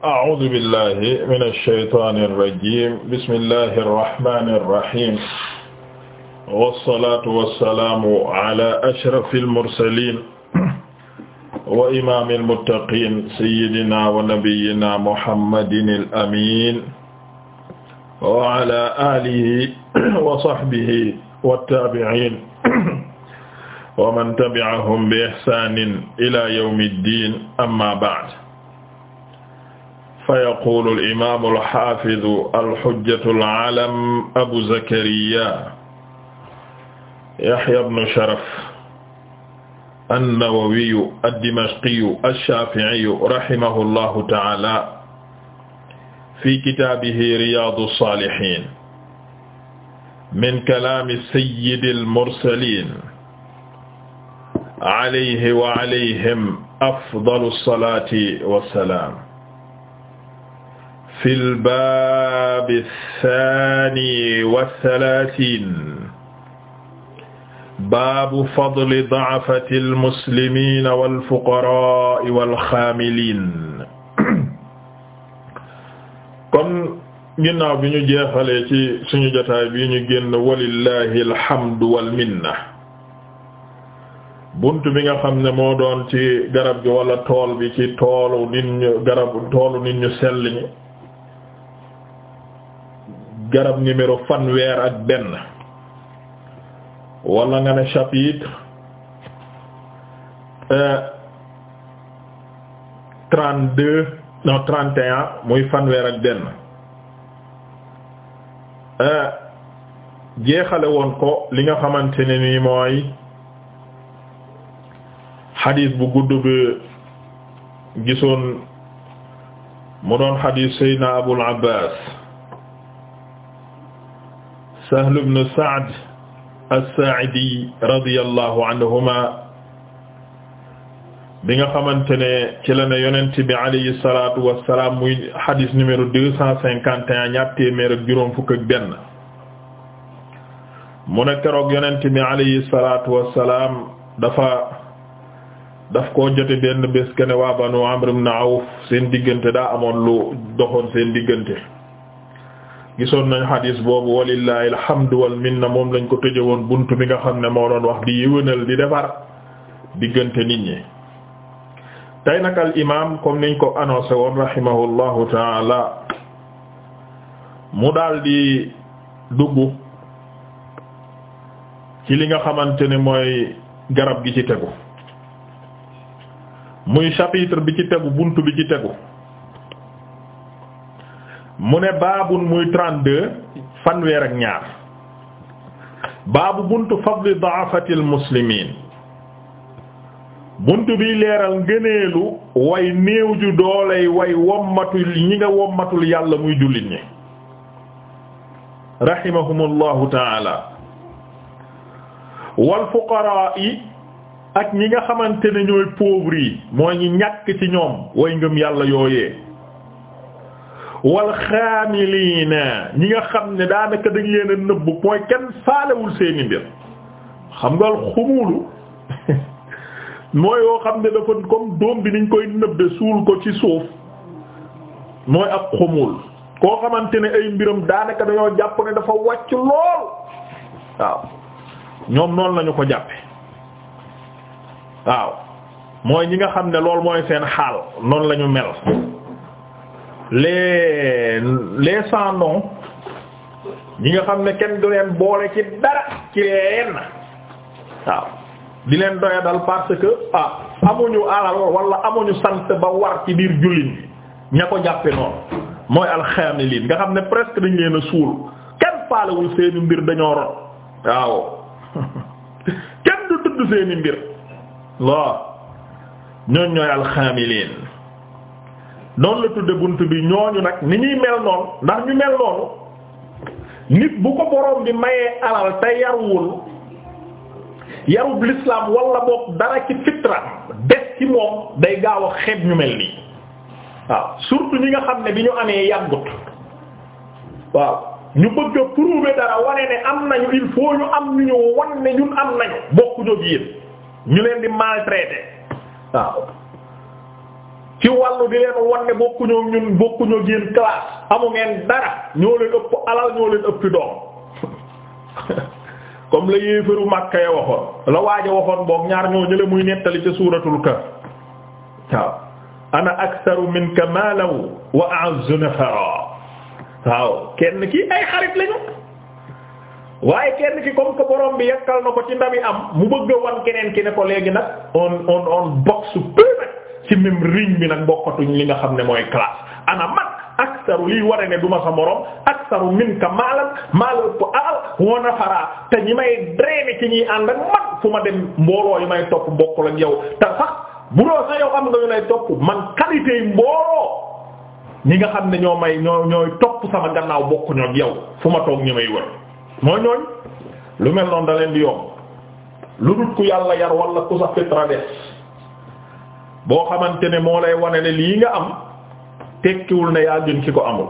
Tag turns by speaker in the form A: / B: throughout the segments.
A: أعوذ بالله من الشيطان الرجيم بسم الله الرحمن الرحيم والصلاة والسلام على أشرف المرسلين وإمام المتقين سيدنا ونبينا محمد الأمين وعلى آله وصحبه والتابعين ومن تبعهم بإحسان إلى يوم الدين أما بعد fa yaqulu al-imaamu al-haafidu al-hujjatu al-alam abu zakariya yahya ibnu sharaf an-nawawiyu ad-dimashqiyu ash-shaafi'iyu rahimahu llahu ta'aala fi kitaabihi riyaadu saalihiin min kalaami sayyidil mursaliin alayhi wa alayhim afdalu salaati wa salaam fil baabi saani wa salaatiin baabu fadli da'fatil muslimiina wal fuqaraa'i wal xaamiliin. kon ginnaaw bi ñu jeexalee ci suñu jotaay bi ñu génn walillahi alhamdu wal minna. bunt bi nga xam ne moo doon ci garab gi wala tool bi ci toolu nit ñu garab toolu nit ñu sell ñi. garab numéro fanweer ak benn wala nga ne chapitre euh, trente deux non trente et muy fanweer ak benn euh, jeexale woon ko li nga xamante ni nii mooy xadiis bu gudd bi gisoon mu doon xadiit Seydina Abul Abbaas Sahl ibn Sa'd as-Saa'idi radiyallahu anhuma bi nga xamante ne ci la ne yonent bi alayhi salaatu wa salaam muy hadis numéro deux cent cinquante juróom fukk benn mu ne keroog yonent bi alayhi salaatu wa dafa daf ko jote benn bés ke waa Banu Amr ibn Awf seen diggante daa amoon lu doxoon seen diggante gisoon nañ xadis boobu walillahi alhamdu wal minna moom lañ ko woon buntu bi nga xam ne moo doon wax di yëwénal di defar diggante nit ñi tey nag al imaam comme niñ ko annoncé woon rahimahullahu taala mu daal di dugg ci li nga xamante ne mooy garab gi ci tegu muy chapitre bi ci tegu buntu bi ci tegu mu ne baabun muy 32 fanweer ak ñaar baabu buntu fadli da'afatil muslimiin buntu bi leeral ngëneelu way néew ju dooley way wommatul ñi nga wommatul yàlla muy jullit ñi rahimahumullahu taala wal fuqaraa yi ak ñi nga xamante ne ñooy pauvres yi mooy ñi ñàkk ci ñoom way ngëm yàlla yooye wal xaamiliina ñi nga xam ne daanaka dañ leen a nëbbu mooy kenn faalewul seeni mbir xam nga xumuulu mooy yoo xam ne dafa comme doom bi niñ koy nëbbe suul ko ci suuf mooy ab xumuul koo xamante ne ay mbiram daanaka dañoo jàpp ne dafa wàcc lool waaw ñoom noonu lañu ko jàppe waaw mooy ñi nga xam ne lool mooy seen xaal noonu lañu mel les les sans nom ñi nga xam ne kenn du leen boole ci dara ci leen waaw di leen doya dal parce que ah amuñu alal wala amuñu sant ba war ci biir jullit bi ña ko jàppe noonu mooy alxaamiliin nga xam ne presque dañ leen a suul kenn faalewul seeni mbir dañoo rot waaw kenn du tudd seeni mbir waaw ñooñ ñooy alxaamiliin noonu la tudde bunt bi ñooñu nag ni ñuy mel noonu ndax ñu mel noonu nit bu ko boroom bi mayee alal te yaruwul yarub l'islam wala boog dara ci fitra des ci moom day gaaw a ñu mel nii waaw surtout ñi nga xam ne bi ñu amee yàggut waaw ñu bëgg a prouver dara wane ne am nañu il faut ñu am ñu ñu wan ne ñun am nañu bokkuñu ak ñu leen di maltraiter waaw. ci wàllu di leen wan bokkuñoo ñun bokkuñoo amu ngeen dara ñoo leen ëpp alal ñoo leen ëpp doom comme la yéefaru Makka ya waxoon la waaj waxoon boog ñaar ñoo ñële muy nettali ca suuratul Kahf waaw ana aktharu minka maalan wa a'azzu nafara waaw kenn ki ay xarit lañu waaye kenn ki comme ko borom bi yakkal na ko ci ndami am mu bëgg a wan keneen ki ne ko léegi nag on on on boxe peu ci même riñ bi nag bokkatuñ li nga xam ne mooy classe ana man aksaru liy ware ne duma sa morom aksaru minka maalan maala ëpp alal woon a faraa te ñi may drainer ci ñuy ànd ak man fu ma dem mbooloo yi may topp bokkul ak yow te sax bu doo sax yow am nga ñu lay topp man qualité yi mbooloo ñi nga xam ne ñoo may ñoo ñooy topp sama gannaaw bokk ñoom yow fu ma toog ñi may wër moo ñooñ lu mel noonu da leen di yomb lu dul ku yàlla yar wala ku sa fitra des boo xamante ne moo lay wane lii nga am tekkiwul ne yaa gën ki ko amul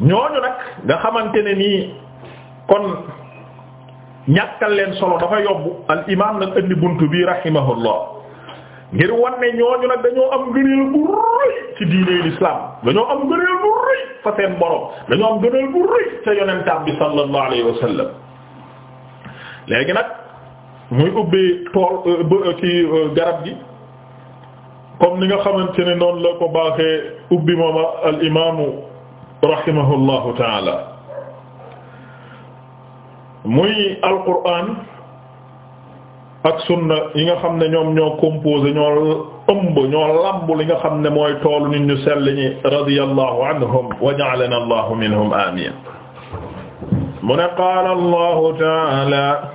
A: ñooñu nag nga xamante ne nii kon ñàkkal leen solo dafa yobbu al imaam nag indi buntu bi rahimahullah ngir wan ne ñooñu nag dañoo am ngëneel bu rëy ci diiney l'islam dañoo am ngëneel bu rëy fa seen borom dañoo am ngëneel bu rëy ca yonentam bi sallallahu alayhi wa léegi nag muy ubbee tool euh, ci euh, garab gi comme ni nga xam xamante ne noonu la ko baaxee ubbi moom al imaamu rahimahullahu taala muy alquran ak sunna yi nga xam ne ñoom ñoo composé ñoo ëmb ñoo li nga xam ne mooy toolu nit ñu sell ñi anhum wa ja'alana allahu minhum amin mu ne qaala taala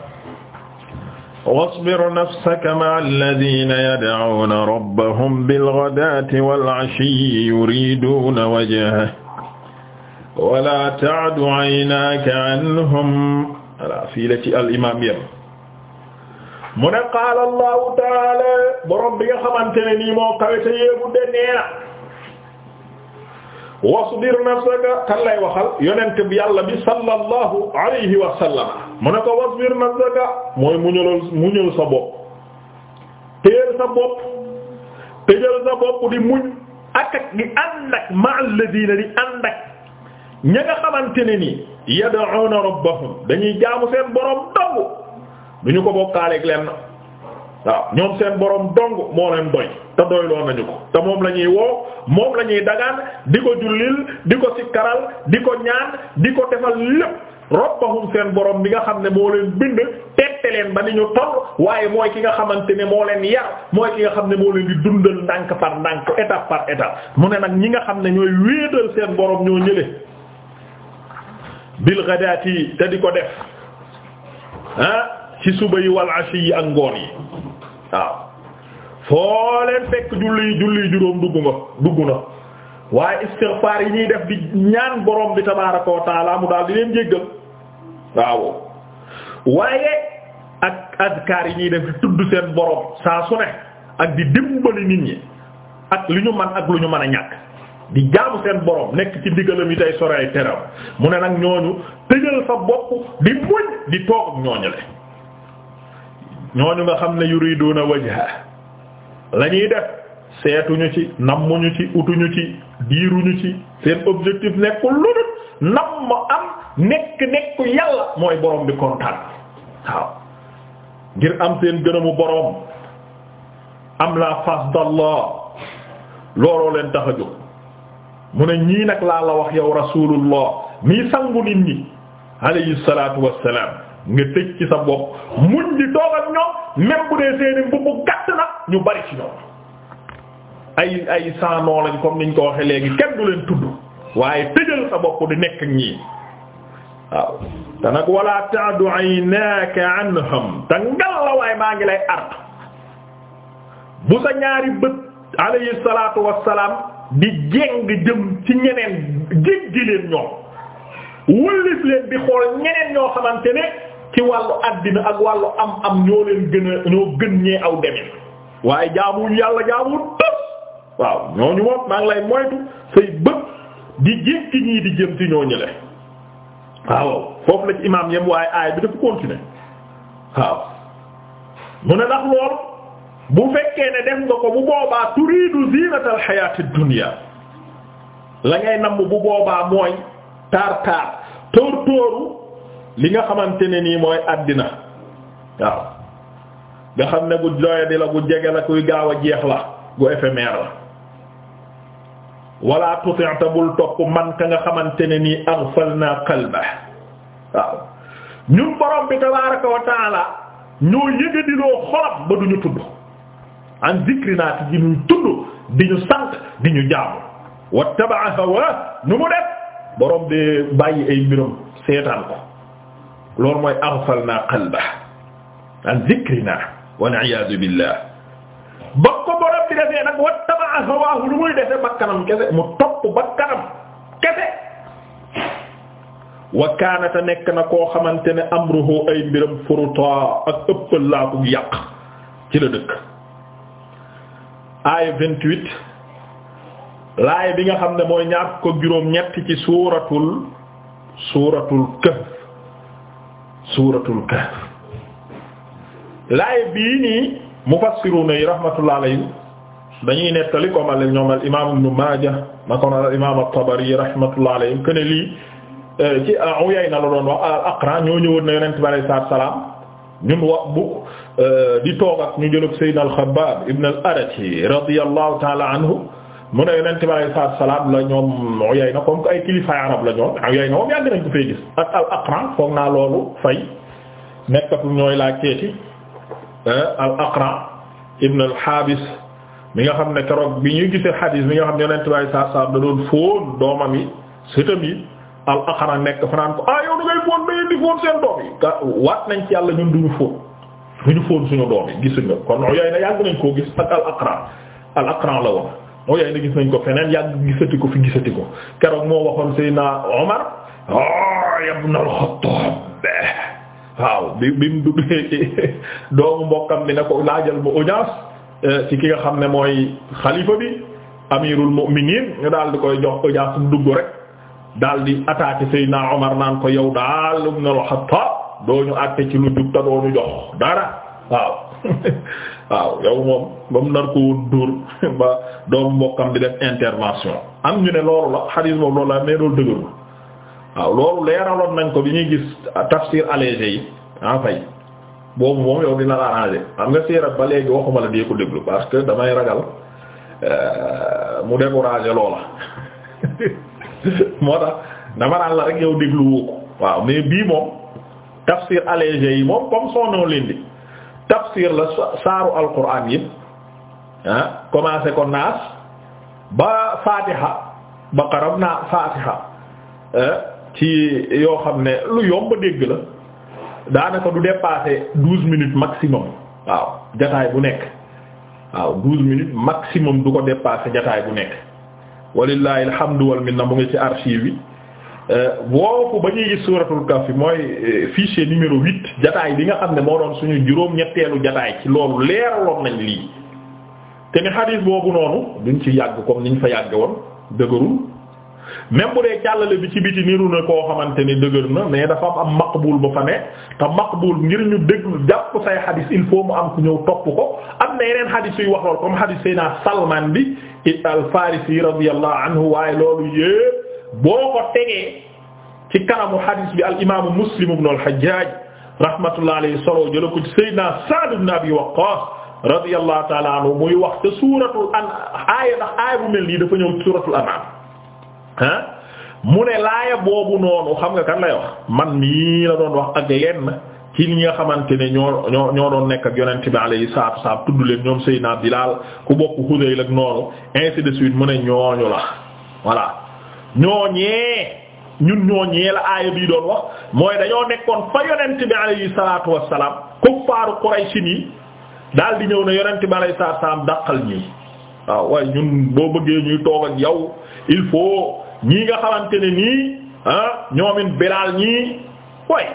A: wasbir nafsaka ma'a alladhina yad'una rabbahum bil-ghadaati wal-'ashiyyi yuriduuna wajhahu wa laa ta'du 'aynaaka 'anhum fii la ci al-imaam yem mu ne qaala Allahu ta'aala borom bi nga xamante ne nii moo kawe te yéegu de nee na wasbir nafsaka kan lay waxal yonent bi yàlla bi sallallahu alayhi wa sallam mu ne ko wasbir nafsaka mooy muñalal muñal sa bopp téyel sa bopp tëjal sa bopp di muñ ak ak di ànd ak ma'al ladina di ànd ak ña nga xamante ne ni yad'una rabbahum dañuy jaamu seen borom dong du ñu ko bokkaaleeg leen waaw ñoom seen borom dong moo leen doy te doy nañu ko te moom la ñuy woo moom la ñuy dagaan di ko jullil di ko sikkaral di ko ñaan di ko defal lépp rabbahum seen boroom bi nga xam ne moo leen bind tette leen ba ni ñu toll waaye mooy ki nga xamante ne moo leen yar mooy ki nga xam ne moo leen di dundal ndànk par ndànk étape par étape mu ne nag ñi nga xam ne ñooy wéetal seen borom ñoo ñële bil ghadati te di ko def ah ci suba yi wal ashi yi ak ngoon yi waaw foo leen fekk julli julli juróom dugg nga dugg na waaye istighfar yi ñuy def di ñaan borom bi tabaaraka wa mu daal di leen jéggal waaw waaye ak azkaar yi ñuy def tudd seen borom saa su ne ak di dimbali nit ñi ak lu ñu man ak lu ñu mën a ñàkk di jaamu seen borom nekk ci ndigalam yi tey sore ay teram mu ne nag ñooñu tëjal sa bopp di muñ di toog ak ñooñu le ñooñu nga xam ne yuriduna wajha lañuy def seetuñu ci nammuñu ci utuñu ci diiruñu ci seen objectif nekkul lu dul namm am nekk nekk yàlla mooy borom bi kontaan waaw ngir am seen gënamu borom am la face d'Allah looloo leen tax a jóg mu ne ñii nag laa la wax yow rasulullah mii sangu nit ñi alayhi salaatu wassalaam nga tëj ci sa bopp muñ di toog ñoom même dee seeni mbubb gàtt na ñu bari ci ñoom ay ay saanoo lañ comme niñ ko waxee léegi kenn du leen tudd waaye tëjal sa bopp di nekk ak ñii waaw te nag wala ta'du aynaka anhum te ngal la maa ngi lay art bu sa ñaari bët alayhi salaatu wassalaam di jeng jëm ci ñeneen jéggi leen ñoom wëllis leen di xool ñeneen ñoo xamante ne ci wàllu àddina ak wàllu am am ñoo leen gën ñee aw demin waaye jaamuwuñ yàlla jaamuwuñ waaw ñooñu moom maa ngi lay moytu say bët di jëm ci ñii di jëm ci ñoo ñële waaw foofu la ci imaam yem waaye aay bi dafa continuer waaw mu ne ndax lool bu fekkee ne def nga ko bu boobaa turiidu ziinatal xayaatid dunya la ngay namm bu boobaa mooy taar taar tóor tóoru li nga xamante ne nii mooy àddina waaw nga xam ne gu doye la gu jege la kuy gaaw a jeex la gu éphémère la wala tuti' bul topp man ka nga xamante ne nii aghfalna qalba waaw ñun borom bi tabaaraka wa taala ñoo yëgadiloo xolam ba duñu tudd an zikrina ti di ñu tudd di ñu sant di ñu jaamu wattaba'a hawa nu mu def borom bi bàyyi ay mbiram seetaan ko loolu mooy aghfalna qalba an zikrina wal iyaadu billah ba ko borom bi defee nag wattaba'a hawaahu lu muy defee bakkanam kese mu topp bakkanam kese wa kaana te nekk na koo xamante ne amruhu ay mbiram furuta ak ëppal laa ko yàq ci la dëkk aay vingt-huit laay bi nga xam ne mooy ñaar ko juróom ñett ci suuratul suuratul kahf suuratul kahf laay bii nii mufassiruna yi rahmatullah alayhi dañuy nettali comme al ñoom al imaam ibn Maaja na ko al imaam at-Tabari rahmatullah alayhi que ne lii eh, ci Uyayna la doon wax al-Aqra ñoo ñëwoon na Yonent bi alayhi salaatu wa salaam ñun wax bu eh, di toog ak ñu jëlog Sayyidina al-Khabbaab ibn al-Arathi radiyallahu ta'ala anhu mu ne Yonent bi alayhi salaatu wa salaam la ñoom Uyayna comme que ay kilifa arab la ñoon Uyayna moom yàgg nañ ko fay gis ak al-Aqra foog naa loolu fay nekkatu ñooy laa ceeti Euh, al aqra ibn al habis mi nga xam ne keroog bi ñuy gisee xadiis mi nga xam ne yonent baay saa saa da doon fóon doomam yi sëtam yi al aqra nekk fanaan ko ah yow da fóon dañuy di fóon seen doom yi ka nañ ci yàlla ñun duñu fóon duñu fóon suñu doom yi gisuñu kon yooyu yàgg nañ koo gis ak al aqra al aqra la woon yooyu na gis nañ ko feneen yàgg gisati ko fi gisati ko keroog moo waxoon Seydina Omar ah ibn al Khattab waaw bi bi mu duggee doomu mbokkam bi ne ko laajal bu audience euh, ci ki nga xam ne mooy xalifa bi amirul mu'minin ñu daal di koy jox audience mu dugg rek daal di attaqué Seydina Omar naan ko yow daal ibn al-Khattab doo ci lu jub te doo ñu waaw yow moom ba ko woon dóor ba doomu mbokkam di def intervention am ñu ne loolu la xadiis boobu loolu la mais loolu dëgërul waaw loolu leeraloon nañ ko bi ñuy gis tafsir allégé yi en fay boobu moom yow dina la arrangé nga siirab ba léegi waxuma la dee déglu parce que damay ragal euh, mu découragé loola moo tax dama naan la rek yow déglu waaw mais bii moom tafsir allégé yi moom comme son ah, ko naas ba fatiha ba qarab naa ci yoo xam ne lu yomb dégg la daanaka du dépasser douze minutes maximum waaw jataay bu nekk waaw douze minutes maximum du ko dépasser jataay bu nekk walillahi alhamdu wal minna mu ngi ci archive yi boo ko ba ñuy gis suuratul kahf mooy euh, fichier numéro huit jataay bi nga xam ne moo doon suñu juróom-ñetteelu jataay ci loolu leeraloon nañ lii te ni xadiis boobu noonu duñ ci yàgg comme niñ fa yàgge woon dëgërul même bu dee jàllale bi ci biti niru na koo xamante ne dëgër na mais dafa am am maqbul ba fa ne te maqbul ngir ñu déglu jàpp say xadis il faut mu am ku ñëw topp ko am na yeneen xadis yuy wax lool comme xadis Seydina Salman bi al-Farisi radiyallahu anhu waaye loolu yépp boo ko tegee ci kanamu xadis bi al Muslim ibn al-Hajjaj rahmatullahi alayhi solo jëla ko ci Seydina Sa'd ibn Abi Waqqas radiyallahu ta'ala anhu muy wax an aaya bu mel nii dafa ñëw suuratul An'am ah mu ne laaya boobu noonu xam nga kan lay wax man mii la doon wax ak lenn ci li nga xamante ne ñoo ñoo doon nekk ak yonent bi alayhi salaatu salaam tudd leen ñoom Seydina Bilaal ku bokk Hudayl ak noonu ainsi de suite mu ne ñooñu la voilà ñooñee. ñun ñooñee la aaya bii doon wax mooy dañoo nekkoon fa yonent bi alayhi salaatu wassalaam kuffaaru Qurayshi nii daal di ñëw ne yonent bi alayhi salaatu wassalaam dàqal ñii waaw waaye ñun boo bëggee ñuy toog ak yow il faut ñii nga xamante ne nii ah ñoomin Bilaal ñii way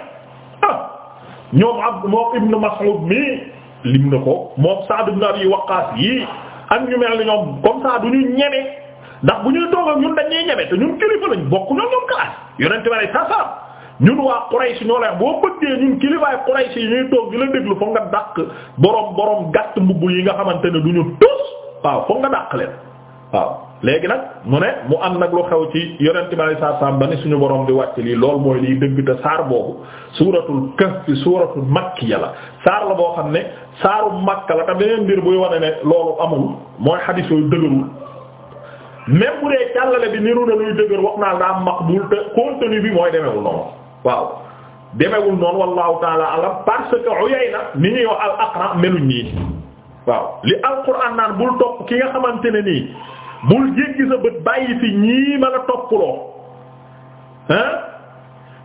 A: ah ñoom ab moom Ibn Mas'ud mii lim na ko moom Sa'd ibn Abi Waqqas yii ak ñu mel ni ñoom comme ça ñu ñeme ndax bu ñuy toog ak ñun dañuy ñeme te ñun kilifa lañ bokk ñoom ñoom classe yonent ba ñun waa Quraysh ñoo lay boo bëggee ñun kilifaay Quraysh yi ñuy toog di la déglu foog nga dàq borom borom gàtt mbubb yi nga xamante ne du ñu waaw foog nga dàq leen waaw. léegi nag mu ne mu am nag lu xew ci yonent bi sallallahu ba ni suñu borom bi wàcc lii lool mooy liy dëgg te saar boobu suuratul kahf suuratul makkiya la saar la boo xam ne saaru makka la te beneen mbir buy wane ne loolu amul mooy xadiis yooyu dëgërul bi niru na luy dëgër wax naa la maqbul te contenu bi mooy demewul noonu waaw demewul noonu wallahu taala alam parce que Uyayna ni ñuy wax al Aqra meluñ nii waaw li al Qur'an naan bul topp ki nga xamante ne nii bul jéggi sa bët bàyyi fi ñii ma la toppuloo hein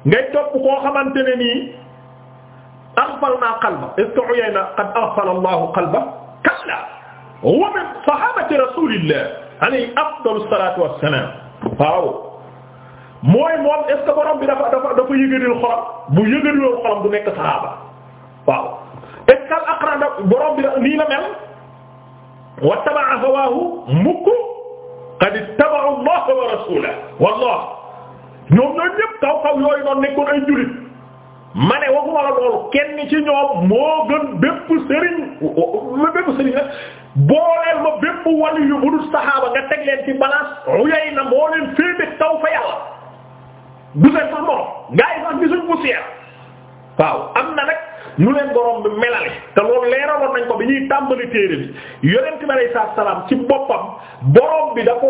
A: ngay topp koo xamante ne nii aghfalna qalba est-ce que qad aghfala Allahu qalba kalla wa min sahabati rasulillah alayhi afdalu salatu wassalam waaw mooy moom est-ce que borom bi dafa dafa dafa yëgadil xolam bu yëgadiloon xolam du nekk sahaaba waaw est-ce que al aqra borom bi nii la mel wa taba'a hawahu mukk qad ittaba'u Allah wa rasulahu wallah ñoom ñoo ñëpp kaw kaw yooyu noonu nekkoon ay jullit ma ne waxuma la loolu kenn ci ñoom moo gën bépp sëriñ bépp sëriñ nag booleel ma bépp wali yu budul saxaaba nga teg leen ci balance uyay na moo leen féete taw fa yàlla du seen sax morom gaa yi sax gisuñ poussière waaw am na nag nu leen borom bi melale te loolu leeraloon nañ ko bi ñuy tàmbali téere bi yonent bi alayhi salaam ci boppam borom bi da ko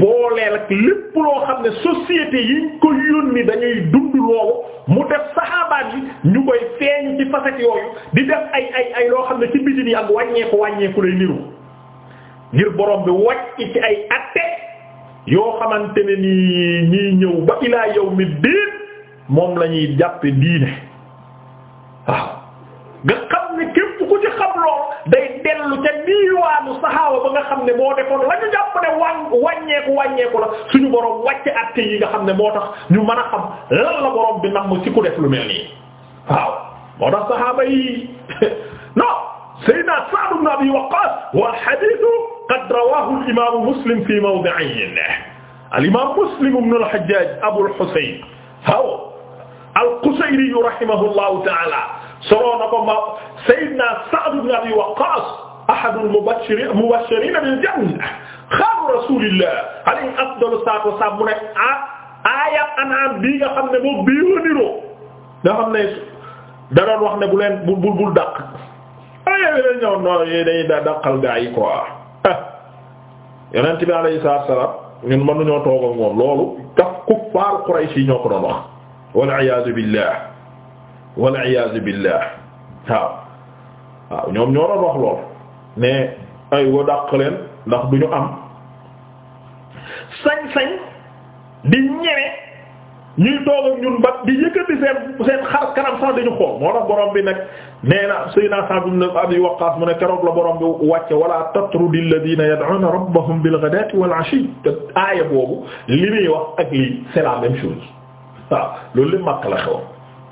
A: booleel ak lépp loo xam ne société yiñ ko yónni dañuy dund loolu mu def saxaabaat yi ñu koy feeñ ci facette yooyu di def ay ay ay loo xam ne ci biti nii ak wàññeeku wàññeeku lay niru ngir borom bi wàcc ci ay atte yoo xamante ni ñiy ñëw ba ilaa yawmi diin moom lañuy ñuy jàppe diine waaw nga xam ne ku ci xam lool day dellu ca niiwaanu saxaaba ba nga xam ne moo defoon la ñu wàññeeku wàññeeku la suñu borom wàcc atte yi nga xam ne moo tax ñu mën a xam lan la borom bi namm ci ku def lu mel nii waaw moo tax saxaaba yi non sayyidina Sa'd ibn Abi Waqqas wal hadith qad rawahu al Muslim fi mawdi'ayn al imam Muslim ibn al Hajjaj Abu al Husayn waaw al Qushayri rahimahullahu ta'ala soloo na ko ma Sayyidina Sa'd ibn Abi Waqqas ahadul mubashirin mubashirin bil janna xaalu rasulillah alayhi afdalu salaatu wa salaam mu ne ah aaya anam bii nga xam ne moom bii la niroo nga xam ne da doon wax ne bu leen bul bul bul dàq ay yéen ñëw non yéen dañuy dàqal gaa yi quoi ah. yonent bi alayhi salaatu wa salaam ñun mënuñoo toog ak moom loolu kaf kuffaar Quraysh yi ñoo ko doon wax wal iyaadu billah wal iyaazu billah waaw waaw ñoom ñoo doon wax lool ne ay wa dàq leen ndax du ñu am sañ-sañ di ñeme ñuy toog ak ñun ba di yëkkati seen seen xar kanam sax dañu xool moo tax borom bi nag nee na sayna Sa'd ibn Abi Waqqas mu ne keroog la borom bi wàcce wala tatrudi alladhina yad'una rabbahum bil ghadati wal 'ashi te aaya boobu li muy wax ak lii c'est la même chose waaw loolu li makk la xew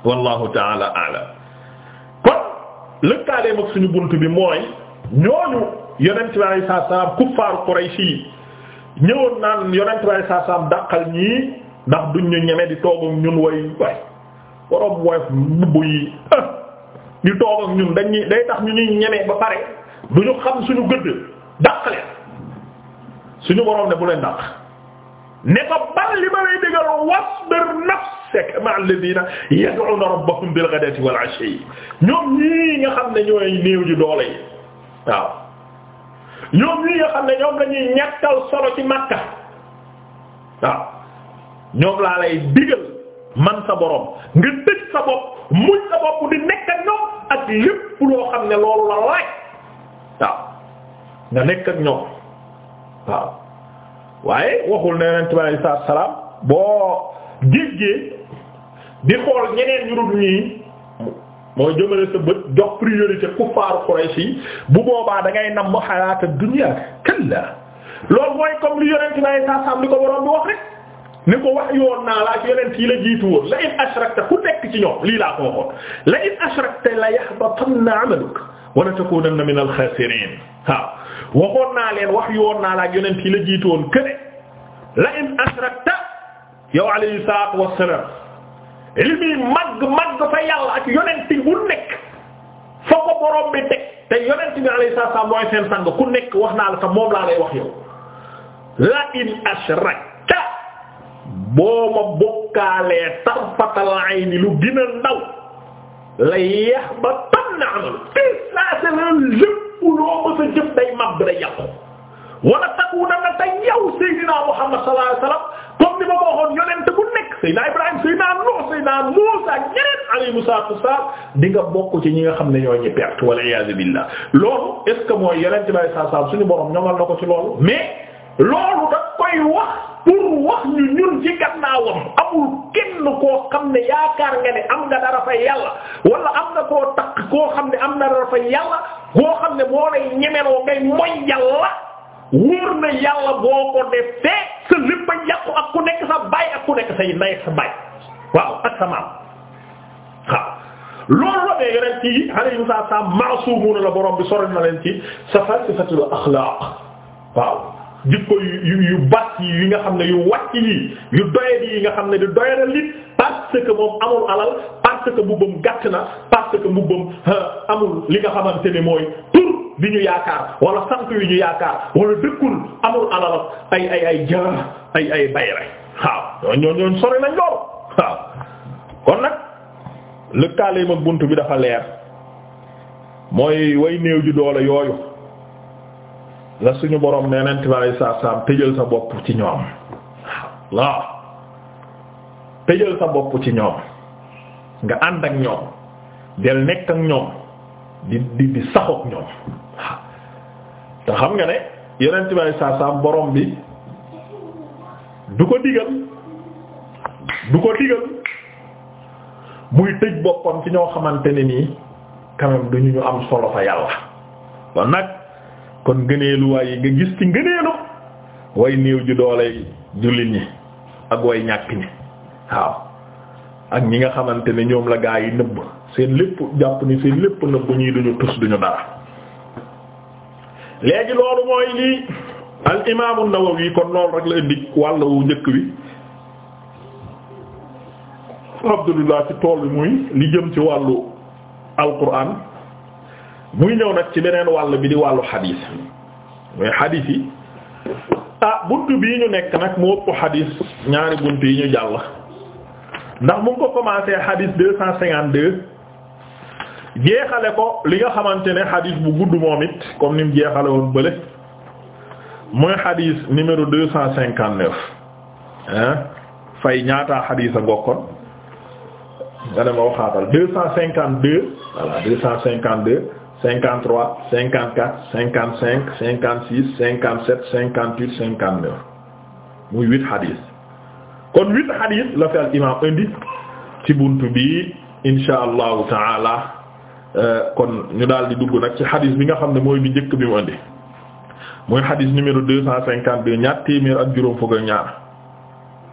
A: wallahu taala alam kon lëkkaalee mag suñu bunt bi mooy ñooñu yonent bi alayhi salaam kuffaaru Quraysh yi ñëwoon naan yonent bi alayhi salaam dàqal ñii ndax duñ ñu ñeme di toog ak ñun way way borom woy mbubb yi ah, di toog ak ñun dañuy day tax ñu ñuy ñeme ba pare du ñu xam suñu gëdd dàq suñu borom ne bu leen dàq ne ko bal li ma lay dëggal wasbir nafs nafsaka ma'a alladhina yad'una rabbahum bil ghadati wal 'ashi ñoom ñii nga xam ne ñooy néew ji doole yi waaw ñoom ñii nga xam ne ñoom lañuy ñàkkal solo ci Makka waaw ñoom laa lay digal man sa boroom nga tëj sa bopp muñ sa bopp di nekk ak ñoom ak lépp loo xam ne loolu la laaj waaw nga nekk ak ñoom waaw waaye waxul ne Yonent bi alayhi salaam boo jéggee di xool ñeneen ñu dul ñii mooy jëmale sa bët jox priorité kuffaaru Quraysh yi bu boobaa da ngay nam mu xalaata dunya kalla loolu mooy comme li yonent naa saa saam li ko waroon bi wax ni ko wax yoon naa laa ci yonent yi la jiitu woon la in ashrakta ku nekk ci ñoom lii laa ko waxoon la in ashrakta la yahbatanna amaluk wa la takunanna min al-khasirin waaw waxoon naa leen wax yoon naa laa ak yonent yi la jiitu woon këne la in ashrakta yow alayhi salaatu wassalaam ilmi mag mag fa yàlla ak yonent bu nekk fa ko bi teg te yonent bi ku nekk wax naa la te moom laa lay wax yow la in ashrakta boo ma bokkaalee tarfatal ayni lu gën a ndaw la yahbatanna amal te saa sa lépp loo ma sa jëf day màbb day yàqu wala takuunanna te yow Seydina Muhammad sallallahu alayhi wa sallam comme ni ma ko waxoon yonent bu nekk Seydina Ibrahima yi Nuh Seydina Muusa ñeneen alayhimu salaatu wassalaam di nga bokk ci ñi nga xam ne ñoo ñu perte wala iyaazu billah loolu est ce que mooy yonent bi sallallahu alayhi wa sallam suñu na ko ci loolu mais loolu da koy wax pour wax ñu ñun ci gannaawam amul kenn koo xam ne yaakaar nga ne am nga dara fa yàlla wala am nga koo takk koo xam ne am na dara fa yàlla koo xam ne moo lay ñemeloo ngay moy yàlla. wóor na yàlla boo ko defee sa lépp yàqu ak ku nekk sa baay ak ku nekk say ndey ak sa baay waaw ak sa maam waaw loolu la bee yonent yi alayhimu salaam maasuumuuna la borom bi sori na leen ci sa falsifatul axlaaq waaw jikko yu yu bas yi yi nga xam ne yu wàcc yi yu doyadi yi nga xam ne di doyadal nit parce que moom amul alal parce que mbubbam gàtt na parce que mbubbam euh, amul li nga xamante ne mooy bi ñu yaakaar wala sant yu ñu yaakaar wala dëkkul amul alal ay ay ay bayre waaw ñooñu ñooñu sori nañ waaw kon nag lëkkaaleem ak bunt bi dafa leer mooy way néew ji doole yooyu la suñu boroom nee nañ tubaab yi saa saam tëjal sa bopp ci ñoom waaw tëjal sa bopp ci ñoom nga ànd ak ñoom del nekk ak ñoom. di di di saxook ñoom te xam nga ne yeneen tibaay saasaam borom bi du ko digal du ko digal muy tëj boppam ci ñoo xamante ne nii quand même duñu ñu am solo fa yàlla kon nag kon ngëneelu waay yi nga gis ci ngëneelu way néew ji doole jullit ñi ak way ñàkk ñi waaw ak ñi nga xamante ne ñoom la gaa yi nëbb seen lépp jàpp ni seen lépp la bu ñuy duñu tus duñu dara léegi loolu mooy lii al imaamu Nawawi kon loolu rek la indi wàll wu njëkk wi Abdullah ci tool bi muy li jëm ci wàllu alquran muy ñëw nag ci beneen wàll bi di wàllu xadiis mooy xadiis yi ah buntu bii ñu nekk nag mu ëpp xadiis ñaari buntu yi ñu jàll ndax mu ngi ko commencé xadiis deux cent cinquante deux jeexale ko li nga xamante ne xadis bu gudd moom it comme ni mu jeexale woon bële mooy xadis numéro deux cent cinquante neuf hein fay ñaataa xadis a ngokkoon nga ne ma waxaatal deux cent cinquante deux voilà deux cent cinquante deux cinquante trois cinquante quatre cinquante cinq cinquante six cinquante sept cinquante huit cinquante neuf muy huit xadis kon huit xadis la fi al imam indi ci buntu bi insha allahu taala Euh, kon ñu daal di dugg nag ci xadis bi nga xam ne mooy bi njëkk bi mu indi muy xadis numéro deux cent cinquante deux ñaar téeméer ak juróom fukk ak ñaar